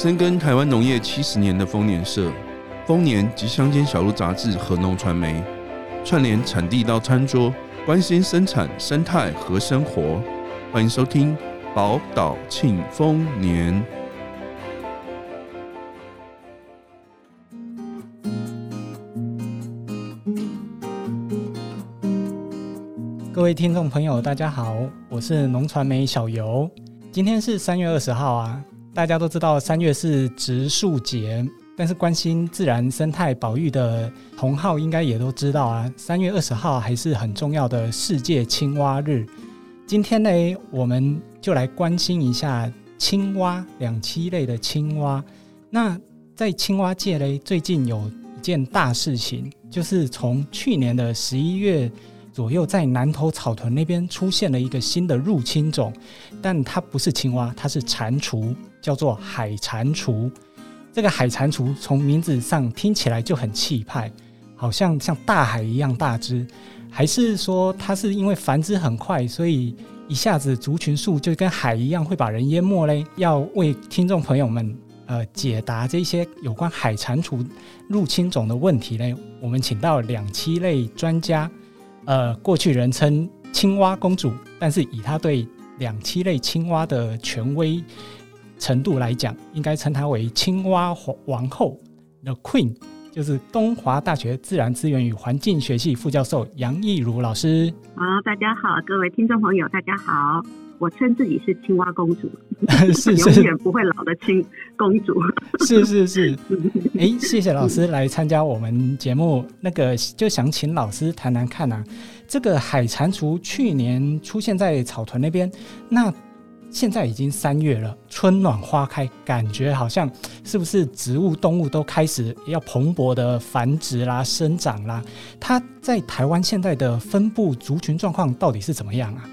深耕台灣農業七十年的豐年社、豐年及鄉間小路雜誌和農傳媒，串聯產地到餐桌，關心生產、生態和生活。歡迎收聽《寶島慶豐年》。各位聽眾朋友，大家好，我是農傳媒小游，今天是三月二十號啊。大家都知道三月是植樹節，但是關心自然生態保育的同好應該也都知道啊，三月二十號還是很重要的世界青蛙日。今天呢，我們就來關心一下青蛙兩棲類的青蛙。那在青蛙界呢，最近有一件大事情，就是從去年的十一月左右，在南投草屯那邊出現了一個新的入侵種，但它不是青蛙，它是蟾蜍。叫做海蟾蜍。這個海蟾蜍從名字上聽起來就很氣派，好像像大海一樣大隻，還是說它是因為繁殖很快，所以一下子族群數就跟海一樣會把人淹沒嘞？要為聽眾朋友們呃解答這些有關海蟾蜍入侵種的問題嘞，我們請到兩棲類專家，呃，過去人稱青蛙公主，但是以他對兩棲類青蛙的權威，程度來講，應該稱她為青蛙王後，The Queen，就是東華大學自然資源與環境學系副教授楊懿如老師。好、哦、大家好，各位聽眾朋友，大家好，我稱自己是青蛙公主， 是，是永遠不會老的青公主。 是是是，哎，謝謝老師來參加我們節目， 那個就想請老師談談看啊，這個海蟾蜍去年出現在草屯那邊，那。現在已經三月了，春暖花開，感覺好像是不是植物、動物都開始要蓬勃的繁殖啦、生長啦？它在台灣現在的分布族群狀況到底是怎麼樣啊？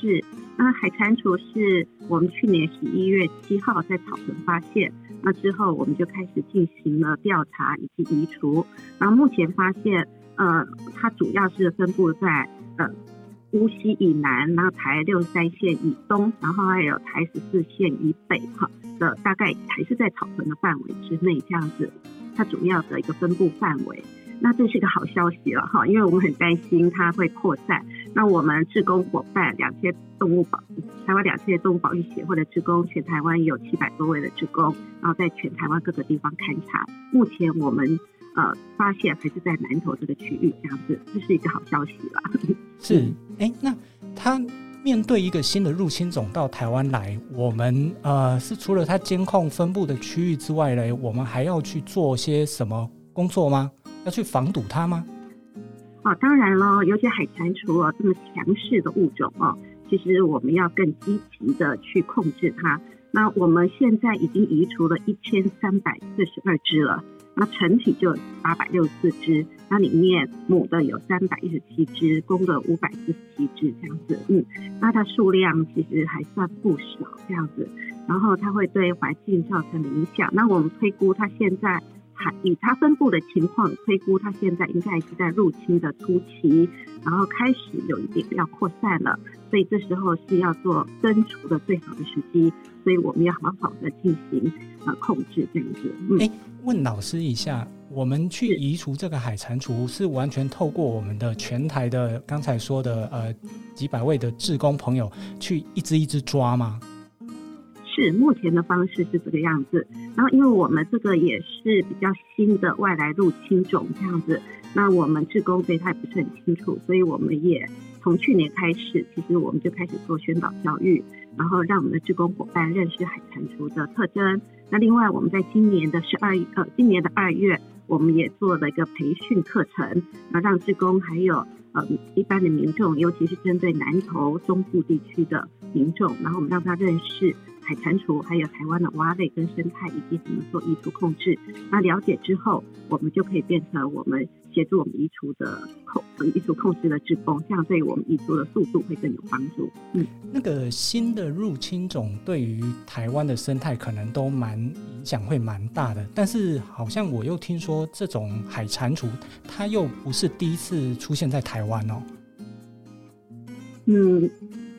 是，那海蟾蜍是我們去年十一月七號在草屯發現，那之後我們就開始進行了調查以及移除，然後目前發現，呃，它主要是分布在呃。烏溪以南，然後台六三線以東，然後還有台十四線以北，哈，大概還是在草屯的範圍之內。這樣子，它主要的一個分布範圍。那這是一個好消息了，哈，因為我們很擔心它會擴散。那我們志工夥伴兩棲動物保，台灣兩棲動物保育協會的志工，全台灣也有七百多位的志工，然後在全台灣各個地方勘察。目前我們。呃，發現還是在南投這個區域，這樣子，這是一個好消息啦。是，哎、欸，那他面對一個新的入侵種到台灣來，我們呃是除了他監控分布的區域之外呢，我們還要去做些什麼工作嗎？要去防堵它嗎？啊、哦，當然了，尤其海蟾蜍這麼強勢的物種哦，其實我們要更積極的去控制它。那我們現在已經移除了一千三百四十二隻了。那成體就有八百六十四只，那裡面母的有三百一十七隻，公的五百四十七只這樣子，嗯，那它數量其實還算不少這樣子，然後它會對環境造成影響。那我們推估它現在。以它分佈的情況推估，它現在應該是在入侵的初期，然後開始有一點要擴散了，所以這時候是要做根除的最好的時機，所以我們要好好的進行呃控制這樣子。嗯、欸，問老師一下，我們去移除這個海蟾蜍是，是完全透過我們的全台的剛才說的呃幾百位的志工朋友去一只一只抓嗎？是目前的方式是這個樣子，然後因為我們這個也是比較新的外來入侵種這樣子，那我們志工對它也不是很清楚，所以我們也從去年開始，其實我們就開始做宣導教育，然後讓我們的志工夥伴認識海蟾蜍的特徵。那另外我們在今年的十二呃今年的二月，我們也做了一個培訓課程，然後讓志工還有呃一般的民眾，尤其是針對南投中部地區的民眾，然後我們讓他認識。蟾蜍，還有台灣的蛙類跟生態，以及怎麼做移除控制，那了解之後，我們就可以變成我們協助我們移除的控，移除控制的志工，這樣對我們移除的速度會更有幫助。嗯，那個新的入侵種對於台灣的生態可能都蠻影響，想會蠻大的。但是好像我又聽說，這種海蟾蜍，它又不是第一次出現在台灣哦、喔。嗯，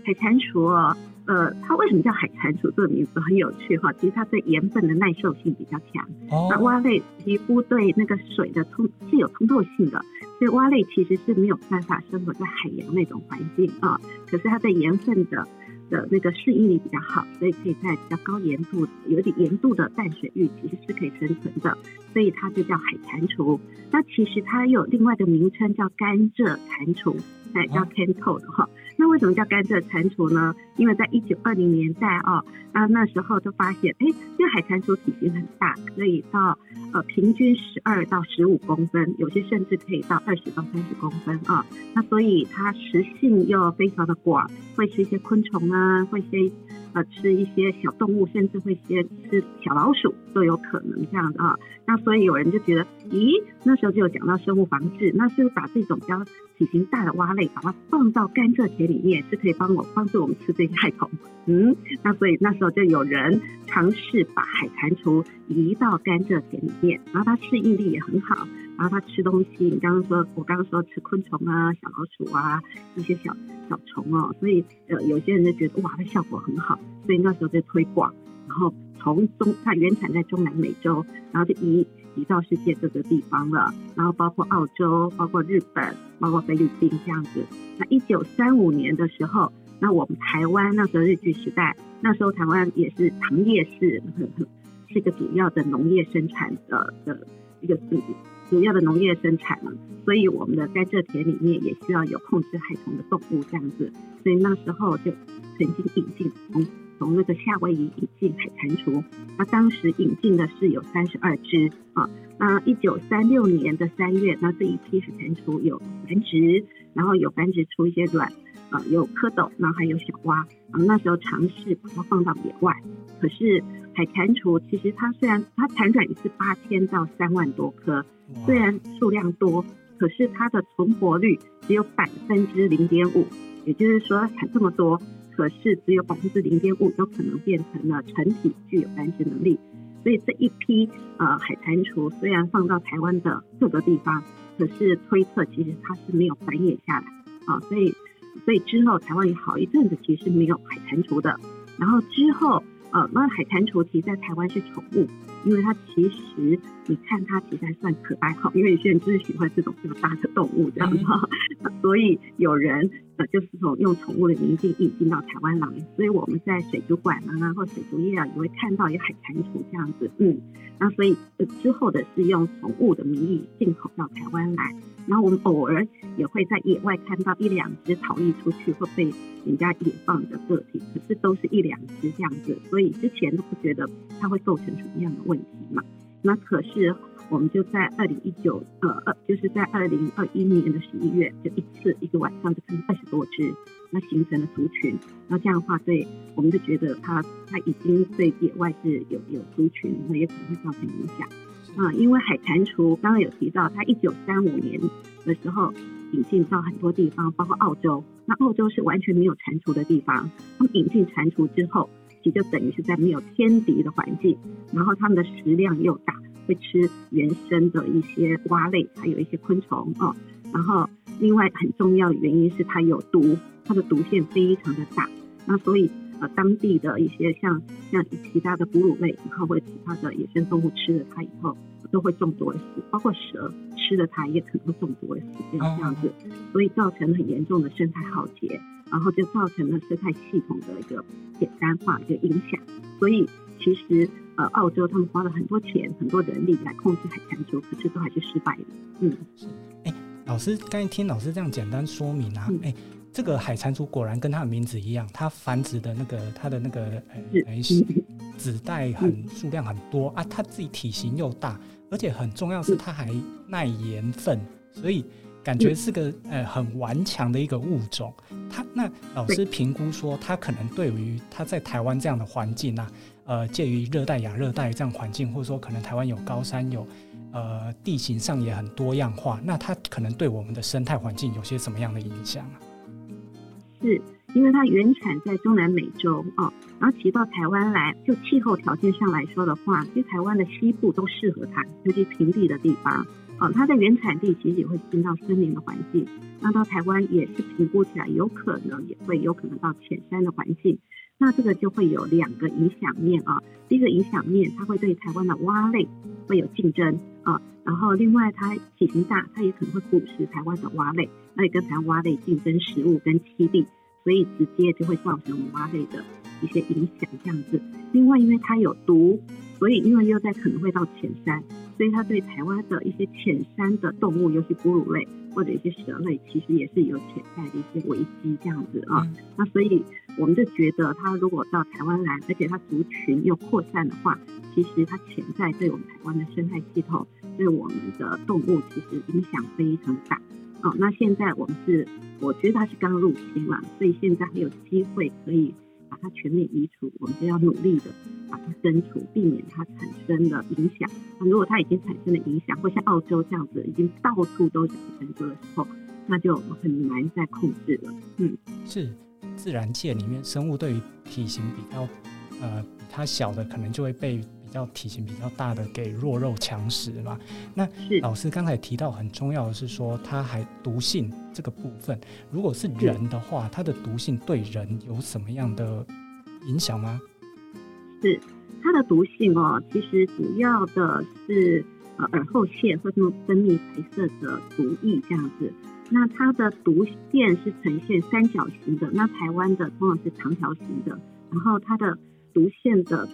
海蟾蜍、喔。呃，它為什麼叫海蟾蜍這個名字很有趣哈、哦。其實它對鹽分的耐受性比較強。嗯、那蛙類皮膚對那個水的通是有通透性的，所以蛙類其實是沒有辦法生活在海洋那種環境啊、哦。可是它對鹽分的的那個適應力比較好，所以可以在比較高鹽度、有點鹽度的淡水域其實是可以生存的。所以它就叫海蟾蜍。那其實它有另外的名稱叫甘蔗蟾蜍，哎、嗯，叫 cane toad 的哈、哦。那為什麼叫甘蔗蟾蜍呢？因為在一九二零年代啊，那那時候就發現，哎，這個海蟾蜍體型很大，可以到呃平均十二到十五公分，有些甚至可以到二十到三十公分啊。那所以它食性又非常的廣，會吃一些昆蟲啊，會一些。呃，吃一些小動物，甚至會先吃小老鼠都有可能這樣的啊。那所以有人就覺得，咦，那時候就有講到生物防治，那是把這種比較體型大的蛙類，把它放到甘蔗田裡面，是可以幫我幫助我們吃這些害蟲。嗯，那所以那時候就有人嘗試把海蟾蜍移到甘蔗田裡面，然後它適應力也很好。然後他吃東西，你剛剛說，我剛剛說吃昆蟲啊、小老鼠啊、一些小小蟲哦，所以呃，有些人就覺得哇，它效果很好，所以那時候就推廣。然後從中，它原產在中南美洲，然後就移移到世界各個地方了，然後包括澳洲、包括日本、包括菲律賓這樣子。那一九三五年的時候，那我們台灣那時候日據時代，那時候台灣也是糖業市是是一個主要的農業生產的的。一個主主要的農業生產嘛，所以我們的在這田裡面也需要有控制害蟲的動物這樣子，所以那時候就曾經引進從從那個夏威夷引進海蟾蜍，那當時引進的是有三十二隻啊，那一九三六年的三月，那這一批海蟾蜍有繁殖，然後有繁殖出一些卵，啊有蝌蚪，那還有小蛙，啊，那時候嘗試把它放到野外，可是。海蟾蜍其實它雖然它產卵也是八千到三萬多顆，雖然數量多，可是它的存活率只有百分之零點五，也就是說產這麼多，可是只有百分之零點五有可能變成了成體具有繁殖能力。所以這一批呃海蟾蜍雖然放到台灣的各個地方，可是推測其實它是沒有繁衍下來啊、呃。所以所以之後台灣有好一陣子其實沒有海蟾蜍的，然後之後。呃，那海蟾蜍其實在台灣是寵物，因為它其實你看它其實還算可愛哈，因為你現在就是喜歡這種比較大的動物、嗯、這樣子，那、呃、所以有人呃就是從用寵物的名義引進到台灣來，所以我們在水族館啊或水族業啊也會看到有海蟾蜍這樣子，嗯，那所以呃之後的是用寵物的名義進口到台灣來。然後我們偶爾也會在野外看到一兩隻逃逸出去或被人家野放的個體，可是都是一兩隻這樣子，所以之前都不覺得它會構成什麼樣的問題嘛。那可是我們就在二零一九呃呃，就是在二零二一年的十一月就一次，一個晚上就看到二十多隻，那形成了族群。那這樣的話，對我們就覺得它它已經對野外是有有族群，那也可能會造成影響。啊、嗯，因為海蟾蜍剛剛有提到，它一九三五年的時候引進到很多地方，包括澳洲。那澳洲是完全沒有蟾蜍的地方，他們引進蟾蜍之後，其實就等於是在沒有天敵的環境，然後它們的食量又大，會吃原生的一些蛙類，還有一些昆蟲啊、哦。然後另外很重要的原因是它有毒，它的毒性非常的大。那所以。當地的一些像像其他的哺乳類以後，然後或者其他的野生動物吃了它以後，都會中毒而死，包括蛇吃了它也可能中毒而死這樣子，嗯嗯嗯，所以造成很嚴重的生態浩劫，然後就造成了生態系統的一個簡單化一個影響。所以其實呃，澳洲他們花了很多錢、很多人力來控制海蟾蜍，可是都還是失敗的。嗯，是。哎、欸，老師剛才聽老師這樣簡單說明啊，哎、欸。嗯這個海蟾蜍果然跟它的名字一樣，它繁殖的那個它的那個呃等於說子代很數量很多啊，它自己體型又大，而且很重要是它還耐鹽分，所以感覺是個呃很頑強的一個物種。它那老師評估說，它可能對於它在台灣這樣的環境啊，呃介於熱帶亞熱帶這樣環境，或者說可能台灣有高山有呃地形上也很多樣化，那它可能對我們的生態環境有些什麼樣的影響啊？是因為它原產在中南美洲哦，然後騎到台灣來，就氣候條件上來說的話，其實台灣的西部都適合它，尤其是平地的地方、哦。它在原產地其實也會進到森林的環境，那到台灣也是評估起來，有可能也會有可能到淺山的環境。那這個就會有兩個影響面啊、哦，第一個影響面它會對台灣的蛙類會有競爭啊、哦，然後另外它體型大，它也可能會捕食台灣的蛙類。而且跟台灣蛙類競爭食物跟棲地，所以直接就會造成我們蛙類的一些影響這樣子。另外，因為它有毒，所以因為又在可能會到淺山，所以它對台灣的一些淺山的動物，尤其哺乳類或者一些蛇類，其實也是有潛在的一些危機這樣子啊。嗯、那所以我們就覺得，它如果到台灣來，而且它族群又擴散的話，其實它潛在對我們台灣的生態系統、對我們的動物，其實影響非常大。哦，那現在我們是，我覺得它是剛入侵嘛，所以現在還有機會可以把它全面移除，我們就要努力的把它根除，避免它產生了影響。那如果它已經產生了影響，或像澳洲這樣子，已經到處都長很多的時候，那就很難再控制了。嗯，是自然界裡面生物對於體型比較，呃，比它小的可能就會被。要體型比較大的給弱肉強食嘛？那老師剛才提到很重要的是說，它還毒性這個部分。如果是人的話，它是的毒性對人有什麼樣的影響嗎？是它的毒性哦、喔，其實主要的是、呃、耳後腺會分泌白色的毒液這樣子。那它的毒腺是呈現三角形的，那台灣的通常是長條形的。然後它的毒腺的，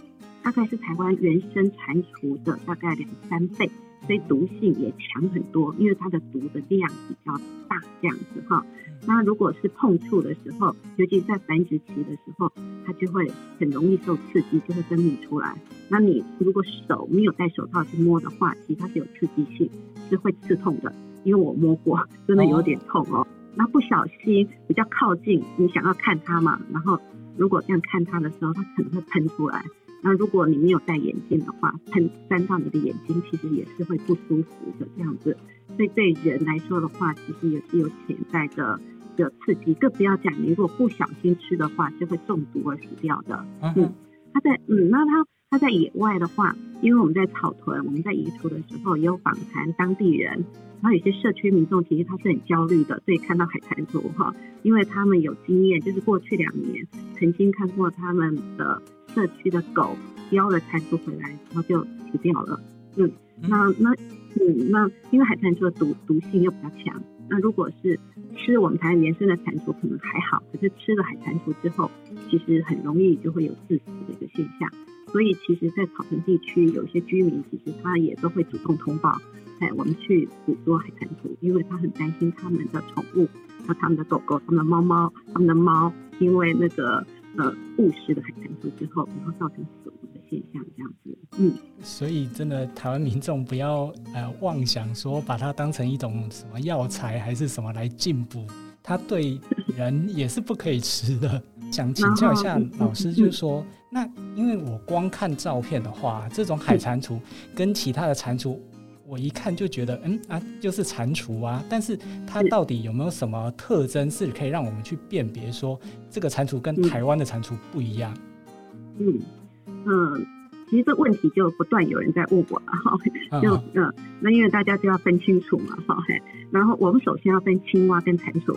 大概是台灣原生蟾蜍的大概兩三倍，所以毒性也強很多。因為它的毒的量比較大，這樣子哈。那如果是碰觸的時候，尤其在繁殖期的時候，它就會很容易受刺激，就會分泌出來。那你如果手沒有戴手套去摸的話，其實它是有刺激性，是會刺痛的。因為我摸過，真的有點痛哦。哎呀。那不小心比較靠近，你想要看它嘛，然後如果這樣看它的時候，它可能會噴出來。那如果你沒有戴眼鏡的話，噴沾到你的眼睛，其實也是會不舒服的。這樣子，所以對人來說的話，其實也是有潛在的的刺激。更不要講，你如果不小心吃的話，就會中毒而死掉的。嗯，他在嗯，那他他在野外的話，因為我們在草屯，我們在移除的時候也有訪談當地人，然後有些社區民眾其實他是很焦慮的，所以看到海蟾蜍哈，因為他們有經驗，就是過去兩年曾經看過他們的。社區的狗叼了蟾蜍回來，然後就死掉了。嗯，那那嗯那，因為海蟾蜍的毒毒性又比較強。那如果是吃我們台灣原生的蟾蜍，可能還好；可是吃了海蟾蜍之後，其實很容易就會有致死的一個現象。所以，其實在草屯地區，有些居民其實他也都會主動通報，哎，我們去捕捉海蟾蜍，因為他很擔心他們的寵物、和他們的狗狗、他們的貓貓、他們的貓，因為那個。呃，誤食了海蟾蜍之後，然後造成死亡的現象，這樣子。嗯，所以真的台灣民眾不要呃妄想說把它當成一種什麼藥材還是什麼來進補，它對人也是不可以吃的。 想請教一下老師，就是說， 那因為我光看照片的話，這種海蟾蜍跟其他的蟾蜍。我一看就覺得，嗯啊，就是蟾蜍啊，但是它到底有沒有什麼特徵是可以讓我們去辨別，說這個蟾蜍跟台灣的蟾蜍不一樣？嗯嗯，嗯，其實這問題就不斷有人在問我，然後就嗯，那因為大家就要分清楚嘛，然後我們首先要分青蛙跟蟾蜍，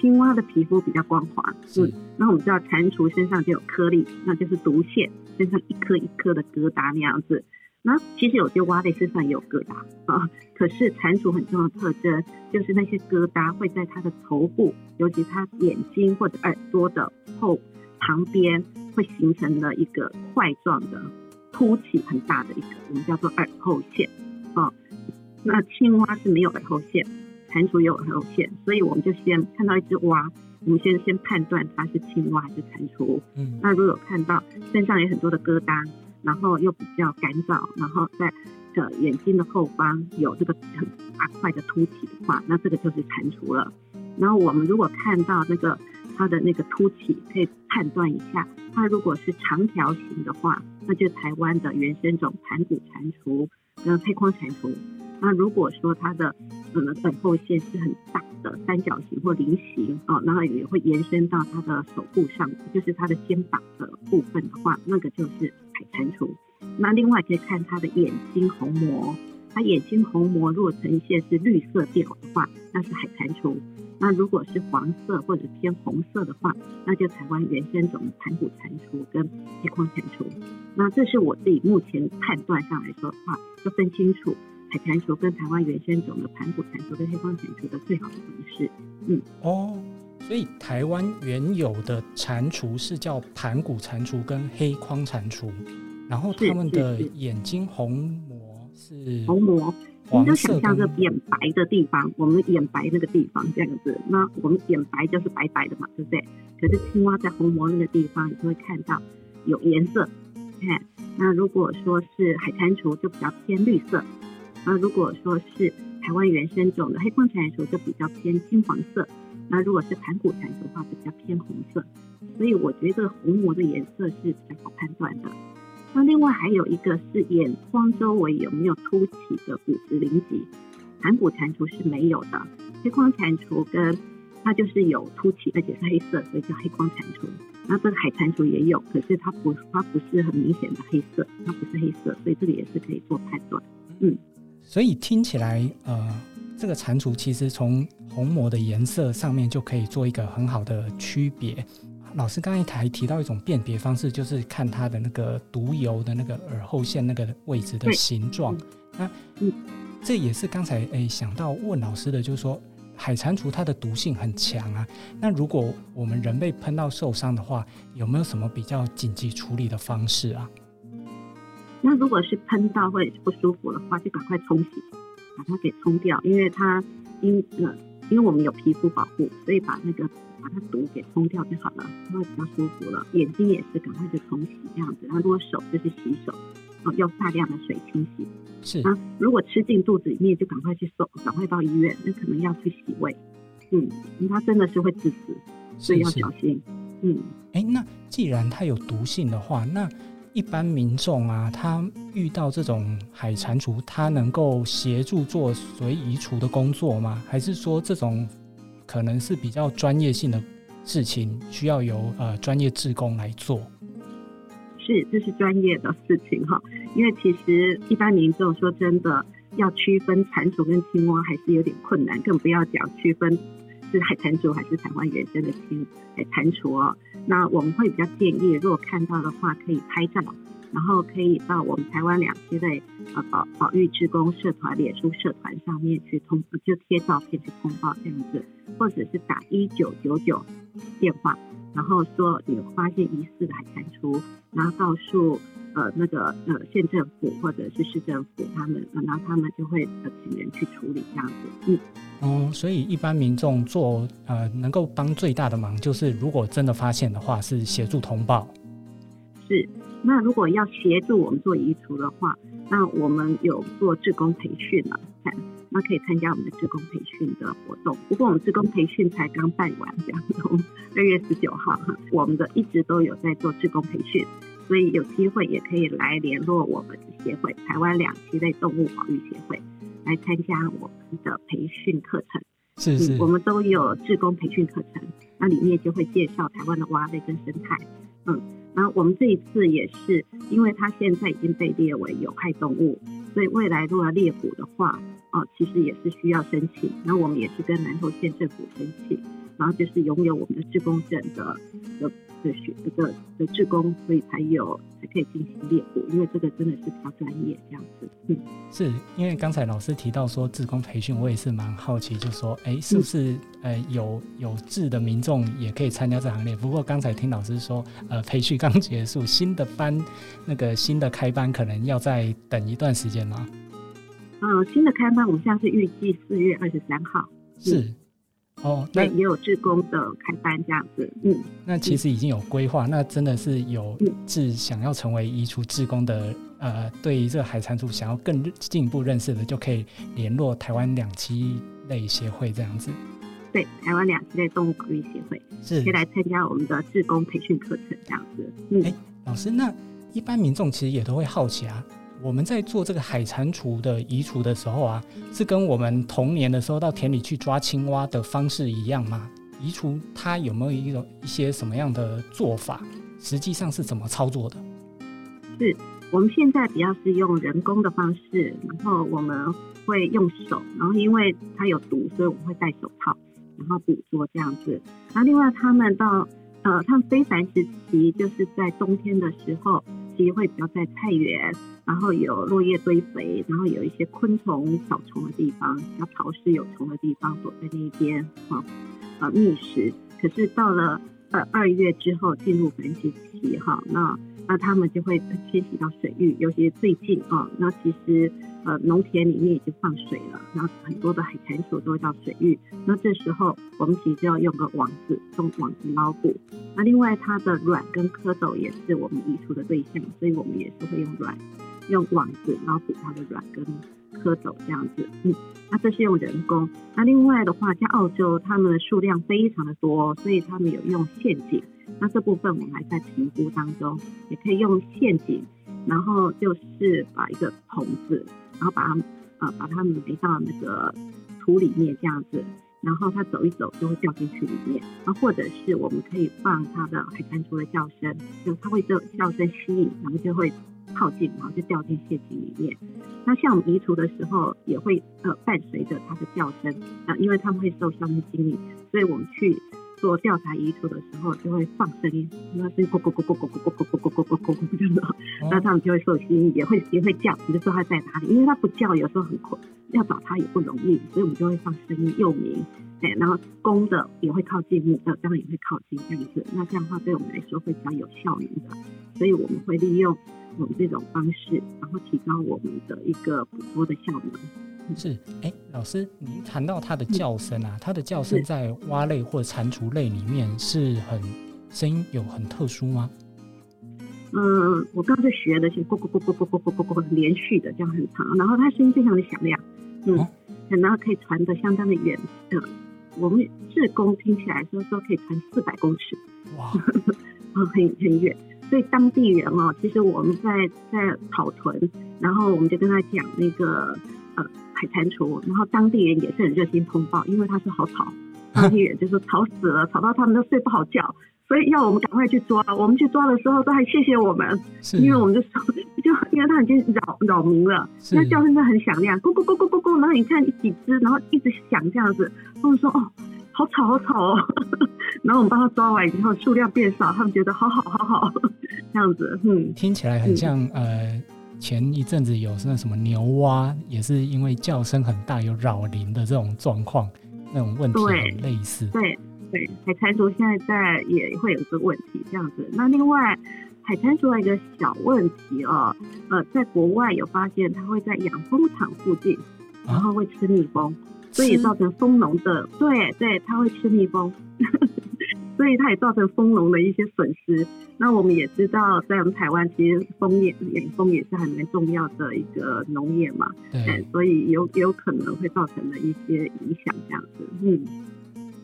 青蛙的皮膚比較光滑，嗯，那是我們知道蟾蜍身上就有顆粒，那就是毒腺，身上一顆一顆的疙瘩那樣子。那其實有些蛙類身上也有疙瘩啊，可是蟾蜍很重要的特徵就是那些疙瘩會在它的頭部，尤其它眼睛或者耳朵的後旁邊，會形成了一個塊狀的凸起，很大的一個我們叫做耳後腺啊。那青蛙是沒有耳後腺，蟾蜍有耳後腺，所以我們就先看到一隻蛙，我們先先判斷它是青蛙還是蟾蜍。嗯。那如果有看到身上有很多的疙瘩。然後又比較乾燥，然後在呃眼睛的後方有這個很大塊的凸起的話，那這個就是蟾蜍了。然後我們如果看到那個它的那個凸起，可以判斷一下，它如果是長條形的話，那就是臺灣的原生種盤古蟾蜍、呃黑眶蟾蜍。那如果說它的呃、嗯、等厚線是很大的三角形或菱形哦，然後也會延伸到它的手部上，就是它的肩膀的部分的話，那個就是。海蟾蜍。那另外可以看它的眼睛虹膜，它眼睛虹膜如果呈現是綠色調的話，那是海蟾蜍；那如果是黃色或者偏紅色的話，那就臺灣原生種的盤古蟾蜍跟黑框蟾蜍。那這是我自己目前判斷上來說的話，話要分清楚海蟾蜍跟臺灣原生種的盤古蟾蜍跟黑框蟾蜍的最好的方式。嗯。哦。所以台灣原有的蟾蜍是叫盤古蟾蜍跟黑眶蟾蜍，然後它們的眼睛虹膜是虹膜，你就想象這眼白的地方，我們眼白那個地方這樣子，那我們眼白就是白白的嘛，對不對？可是青蛙在虹膜那個地方，你會看到有顏色。看，那如果說是海蟾蜍就比較偏綠色，那如果說是台灣原生種的黑眶蟾蜍，就比較偏金黃色。那如果是盤古蟾蜍的話，比較偏紅色，所以我覺得虹膜的顏色是比較好判斷的。那另外還有一個是眼眶周圍有沒有凸起的骨質稜脊，盤古蟾蜍是沒有的，黑眶蟾蜍跟它就是有凸起，而且是黑色，所以叫黑眶蟾蜍。那這個海蟾蜍也有，可是它不，它不是很明顯的黑色，它不是黑色，所以這裡也是可以做判斷。嗯，所以聽起來，呃。這個蟾蜍其實從虹膜的顏色上面就可以做一個很好的區別。老師剛才還提到一種辨別方式，就是看它的那個毒油的那個耳後線那個位置的形狀。那這也是剛才誒、欸、想到問老師的，就是說海蟾蜍它的毒性很強啊。那如果我們人被噴到受傷的話，有沒有什麼比較緊急處理的方式啊？那如果是噴到會不舒服的話，就趕快沖洗，把它給沖掉，因為它因呃，因為我們有皮膚保護，所以把那個把它毒給沖掉就好了，它會比較舒服了。眼睛也是，趕快就沖洗這樣子，然後手就是洗手，然後用大量的水清洗。是啊，如果吃進肚子裡面，就趕快去送，趕快到醫院，那可能要去洗胃。嗯，它、嗯、真的是會致死，所以要小心。是是嗯，誒，那既然它有毒性的話，那一般民眾啊，他遇到這種海蟾蜍，他能夠協助做隨移除的工作嗎？還是說這種可能是比較專業性的事情，需要由呃專業志工來做？是，這是專業的事情哈。因為其實一般民眾說真的，要區分蟾蜍跟青蛙還是有點困難，更不要講區分。是海蟾蜍還是台灣原生的天海蟾蜍哦？那我們會比較建議，如果看到的話，可以拍照，然後可以到我們台灣兩棲類呃保保育志工社團臉書社團上面去通，就貼照片去通報這樣子，或者是打一九九九電話。然後說你發現疑似的海蟾蜍，然後告訴呃那個呃縣政府或者是市政府他們，呃、然後他們就會、呃、請人去處理這樣子。嗯，嗯、哦、所以一般民眾做呃能夠幫最大的忙，就是如果真的發現的話，是協助通報。是，那如果要協助我們做移除的話，那我們有做志工培訓了。看那可以參加我們的志工培訓的活動。不過我們志工培訓才剛辦完，這樣從二月十九號哈，我們的一直都有在做志工培訓，所以有機會也可以來聯絡我們的協會——台灣兩棲類動物保育協會，來參加我們的培訓課程。是是、嗯。我們都有志工培訓課程，那裡面就會介紹台灣的蛙類跟生態。嗯，然後我們這一次也是，因為它現在已經被列為有害動物，所以未來如果要獵捕的話。哦，其實也是需要申請，然後我們也是跟南投縣政府申請，然後就是擁有我們的職工志工證的的的學這個的志工，所以才有才可以進行獵捕，因為這個真的是超專業這樣子。嗯，是因為剛才老師提到說志工培訓，我也是蠻好奇，就說，哎、欸，是不是呃有有志的民眾也可以參加這行列？不過剛才聽老師說，呃，培訓剛結束，新的班那個新的開班可能要再等一段時間嗎？嗯，新的開班我們現在是預計四月二十三號。嗯、是，哦，那對也有志工的開班這樣子。嗯，那其實已經有規劃，嗯、那真的是有志想要成為移除志工的，嗯、呃，對於這個海蟾蜍想要更進一步認識的，就可以聯絡台灣兩棲類協會這樣子。對，台灣兩棲類動物保育協會是可以來參加我們的志工培訓課程這樣子。嗯，哎、欸，老師，那一般民眾其實也都會好奇啊。我們在做這個海蟾蜍的移除的時候啊，是跟我們童年的時候到田裡去抓青蛙的方式一樣嗎？移除它有沒有一種一些什麼樣的做法？實際上是怎麼操作的？是我們現在主要是用人工的方式，然後我們會用手，然後因為它有毒，所以我們會戴手套，然後捕捉這樣子。然後另外，他們到呃，他們非繁殖期，就是在冬天的時候。機會比較在菜園，然後有落葉堆肥，然後有一些昆蟲、小蟲的地方，比較潮濕、有蟲的地方，躲在那一邊，好、哦，呃、啊，覓食。可是到了二二、呃、月之後，進入繁殖期，哈、哦，那。那它們就會遷徙到水域，尤其最近啊、哦。那其實，呃，農田裡面已經放水了，然後很多的海蟾蜍都會到水域。那這時候，我們其實就要用個網子，用網子撈捕。那另外，它的卵跟蝌蚪也是我們移除的對象，所以我們也是會用卵，用網子撈捕它的卵跟。蝌蚪這樣子，嗯，那、啊、這是用人工。那另外的話，在澳洲，它們的數量非常的多，所以他們有用陷阱。那這部分我們還在評估當中，也可以用陷阱，然後就是把一個籠子，然後把它們呃把它們埋到那個土裡面這樣子，然後它走一走就會掉進去裡面。啊，或者是我們可以放它的海蟾蜍的叫聲，就它會受叫聲吸引，然後就會。靠近，然後就掉進陷阱裡面。那像我們移除的時候，也會呃伴隨着它的叫聲，那因為他們會受聲音吸引，所以我們去做調查移除的時候，就會放聲音，那是咕咕咕咕咕咕咕咕咕咕咕咕咕咕的，那他們就會受吸引，也會也會叫，你就知道它在哪裡。因為它不叫，有時候很困，要找它也不容易，所以我們就會放聲音誘鳴哎，然後公的也會靠近，母的當然也會靠近，這樣子。那這樣的話對我們來說會比較有效率的，所以我們會利用。用這種方式，然後提高我們的一個捕捉的效能。是，哎，老師，你談到它的叫聲啊，它的叫聲在蛙類或蟾蜍類裡面是很聲音有很特殊嗎？嗯，我剛才學的，是咕咕咕咕咕咕咕咕咕，連續的，這樣很長，然後它聲音非常的響亮，嗯，然後可以傳的相當的遠，嗯，我們志工聽起來，聽說可以傳四百公尺。哇，啊，很很遠。所以當地人哦、喔，其實我們在在草屯，然後我們就跟他講那個呃海蟾蜍，然後當地人也是很熱心通報，因為他說好吵，當地人就是說吵死了，吵到他們都睡不好覺，所以要我們趕快去抓。我們去抓的時候，都還謝謝我們，是因為我們就說，就因為他已經擾擾民了，那叫聲就很響亮，咕咕,咕咕咕咕咕咕，然後你看幾隻，然後一直響這樣子，他們說哦。好吵，好吵哦、喔！ 然後我們幫它抓完以後，數量變少，他們覺得好好好好，這樣子。嗯，聽起來很像、嗯、呃，前一陣子有那什麼牛蛙，也是因為叫聲很大，有擾鄰的這種狀況，那種問題很類似。對對，對，海蟾蜍現在在也會有個問題這樣子。那另外，海蟾蜍還有一個小問題哦、喔，呃，在國外有發現它會在養蜂場附近，然後會吃蜜蜂。啊吃所以造成蜂農的對對，它會吃蜜蜂， 所以它也造成蜂農的一些損失。那我們也知道，在我們台灣其實蜂也養蜂也是很重要的一個農業嘛，對,對，所以有有可能會造成的一些影響這樣子。嗯，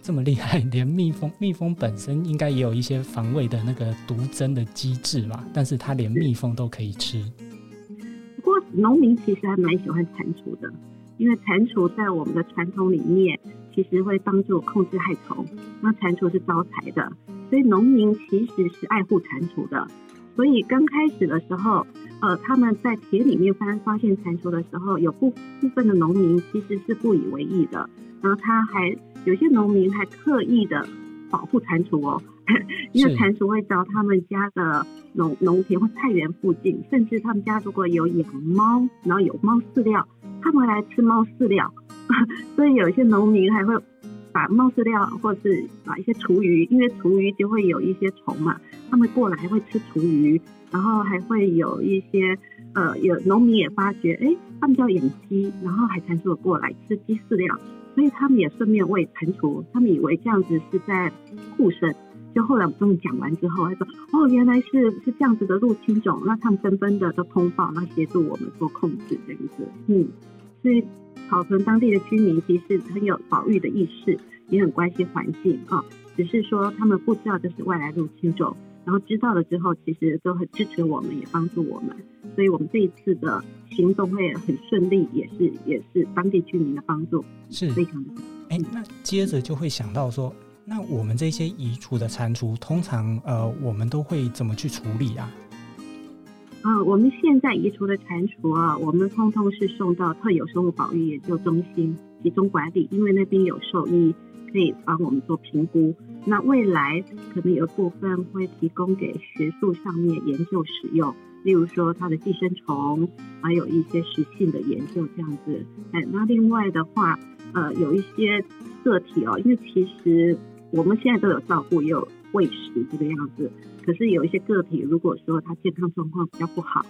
這麼厲害，連蜜蜂蜜蜂本身應該也有一些防衛的那個毒針的機制嘛，但是它連蜜蜂都可以吃。不過農民其實還蠻喜歡蟾蜍的。因為蟾蜍在我們的傳統裡面，其實會幫助控制害蟲。那蟾蜍是招財的，所以農民其實是愛護蟾蜍的。所以剛開始的時候，呃，他們在田裡面發發現蟾蜍的時候，有部部分的農民其實是不以為意的。然後他還有些農民還刻意的保護蟾蜍哦，因為蟾蜍會到他們家的農農田或菜園附近，甚至他們家如果有養貓，然後有貓飼料。他們來吃貓飼料，所以有一些農民還會把貓飼料，或者是把一些廚餘，因為廚餘就會有一些蟲嘛，他們過來會吃廚餘，然後還會有一些，呃，有農民也發覺，哎、欸，他們要養雞，然後海蟾蜍過來吃雞飼料，所以他們也順便餵蟾蜍，他們以為這樣子是在護生。就後來我們跟你講完之後，他說：“哦，原來是是這樣子的入侵種，那他們紛紛的都通報，那協助我們做控制這樣子。嗯，所以保存當地的居民其實很有保育的意識，也很關心環境啊、哦。只是說他們不知道這是外來入侵種，然後知道了之後，其實都很支持我們，也幫助我們。所以我們這一次的行動會很順利，也是也是當地居民的幫助，是非常的。哎、欸，那接着就會想到說。”那我們這些移除的蟾蜍，通常呃，我們都會怎麼去處理啊？啊、呃，我們現在移除的蟾蜍啊，我們通通是送到特有生物保育研究中心集中管理，因為那邊有獸醫可以幫我們做評估。那未來可能有部分會提供給學術上面研究使用，例如說它的寄生蟲，還、呃、有一些實性的研究這樣子。哎、呃，那另外的話，呃，有一些個體哦，因為其實。我們現在都有照顧，也有餵食這個樣子。可是有一些個體，如果說他健康狀況比較不好，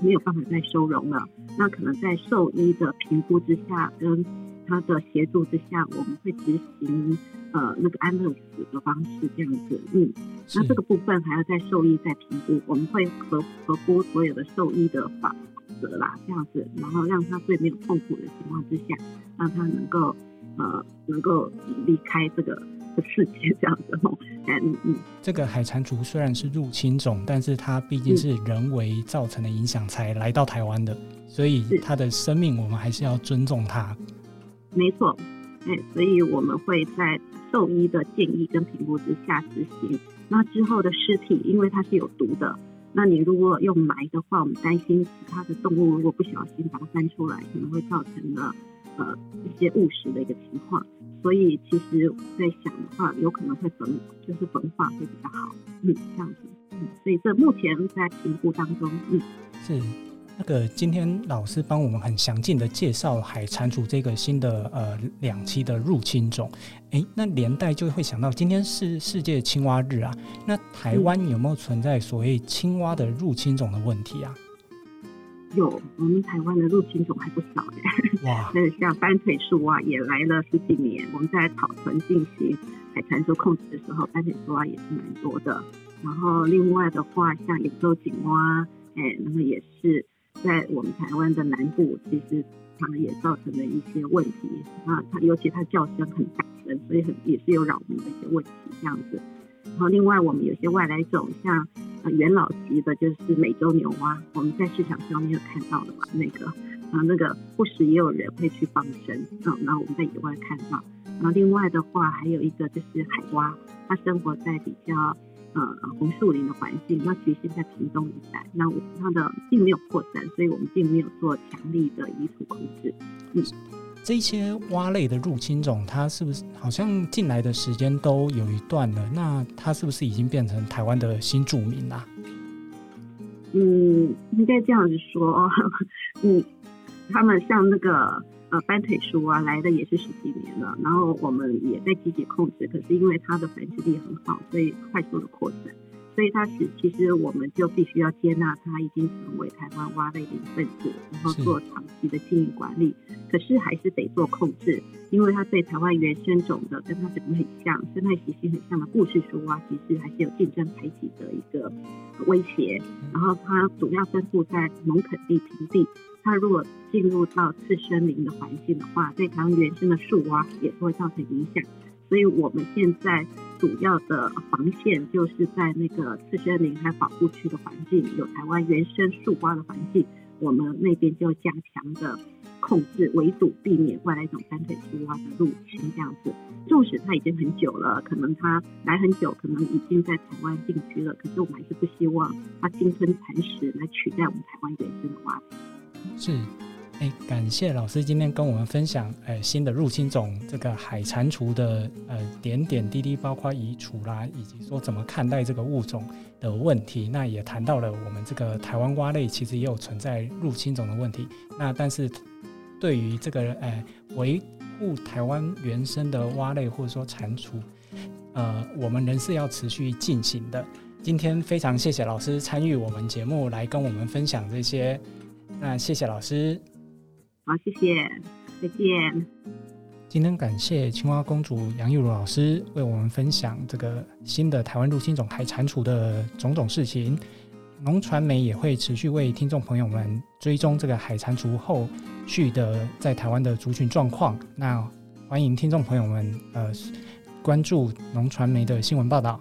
沒有辦法再收容了，那可能在獸醫的評估之下，跟他的協助之下，我們會執行呃那個安樂死的方式，這樣子。嗯，那這個部分還要在獸醫再評估，我們會合合乎所有的獸醫的法則啦，這樣子，然後讓他最沒有痛苦的情況之下，讓他能夠呃能夠離開這個。的世界這樣子哦，嗯嗯。這個海蟾蜍雖然是入侵種，但是它畢竟是人為造成的影響才來到台灣的，所以它的生命我們還是要尊重它。嗯嗯、沒錯，哎、欸，所以我們會在獸醫的建議跟評估之下執行。那之後的屍體，因為它是有毒的，那你如果用埋的話，我們擔心其他的動物如果不小心把它翻出來，可能會造成了呃一些誤食的一個情況。所以其實，在想的話，有可能會焚，就是焚化會比較好，嗯，這樣子，嗯，所以這目前在評估當中，嗯，是那個今天老師幫我們很詳盡的介紹海蟾蜍這個新的呃兩棲的入侵種，哎、欸，那連帶就會想到今天是世界青蛙日啊，那台灣有沒有存在所謂青蛙的入侵種的問題啊？有，我們臺灣的入侵種還不少哎。那 Yeah. 像斑腿樹蛙也來了十幾年，我們在草屯進行海蟾蜍控制的時候，斑腿樹蛙也是蠻多的。然後另外的話，像亞洲錦蛙，哎、欸，那麼也是在我們臺灣的南部，其實它們也造成了一些問題。那它尤其它叫聲很大聲，所以很也是有擾民的一些問題這樣子。然後另外我們有些外來種，像呃元老級的就是美洲牛蛙，我們在市場上沒有看到的嘛，那個，然後那個不時也有人會去放生，嗯，那我們在野外看到，然後另外的話還有一個就是海蛙，它生活在比較呃紅樹林的環境，那局限在屏東一帶，那它的並沒有擴散，所以我們並沒有做強力的移除控制，嗯。這些蛙類的入侵種，它是不是好像進來的時間都有一段了？那它是不是已經變成臺灣的新住民啦？嗯，應該這樣子說。嗯，他們像那個呃斑腿樹啊，來的也是十幾年了，然後我們也在積極控制，可是因為它的繁殖力很好，所以快速的擴展。所以它是，其實我們就必須要接納它已經成為台灣蛙類的一份子，然後做長期的經營管理。是，可是還是得做控制，因為它對台灣原生種的，跟它長得很像，生態習性很像的布氏樹蛙其實還是有競爭排擠的一個威脅。然後它主要分布在農墾地平地，它如果進入到次生林的環境的話，對台灣原生的樹蛙也是會造成影響。所以我們現在，主要的防線就是在那個次生林還有保護區的環境，有台灣原生樹蛙的環境，我們那邊就加強的控制圍堵，避免外來種斑腿樹蛙的入侵。這樣子，縱使它已經很久了，可能它來很久，可能已經在台灣定居了，可是我們還是不希望它鯨吞蠶食來取代我們台灣原生的蛙。是。誒，感謝老師今天跟我們分享，誒，新的入侵種這個海蟾蜍的呃點點滴滴，包括移除啦，以及說怎麼看待這個物種的問題。那也談到了我們這個台灣蛙類其實也有存在入侵種的問題。那但是對於這個誒、呃、維護台灣原生的蛙類或者說蟾蜍，呃，我們仍是要持續進行的。今天非常謝謝老師參與我們節目來跟我們分享這些。那謝謝老師。好，謝謝，再見。今天感謝青蛙公主楊懿如老師為我們分享這個新的台灣入侵種海蟾蜍的種種事情。農傳媒也會持續為聽眾朋友們追蹤這個海蟾蜍後續的在台灣的族群狀況。那歡迎聽眾朋友們呃關注農傳媒的新聞報道。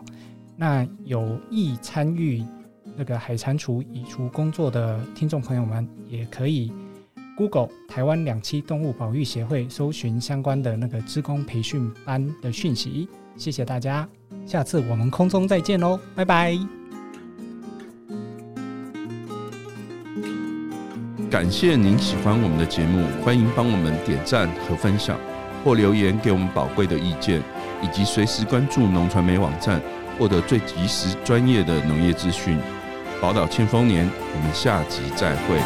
那有意參與這個海蟾蜍移除工作的聽眾朋友們也可以 Google 台灣兩棲動物保育協會搜尋相關的那個志工培訓班的訊息，謝謝大家，下次我們空中再見嘍，拜拜。感謝您喜歡我們的節目，歡迎幫我們點贊和分享，或留言給我們寶貴的意見，以及隨時關注農傳媒網站，獲得最及時專業的農業資訊。寶島慶豐年，我們下集再會。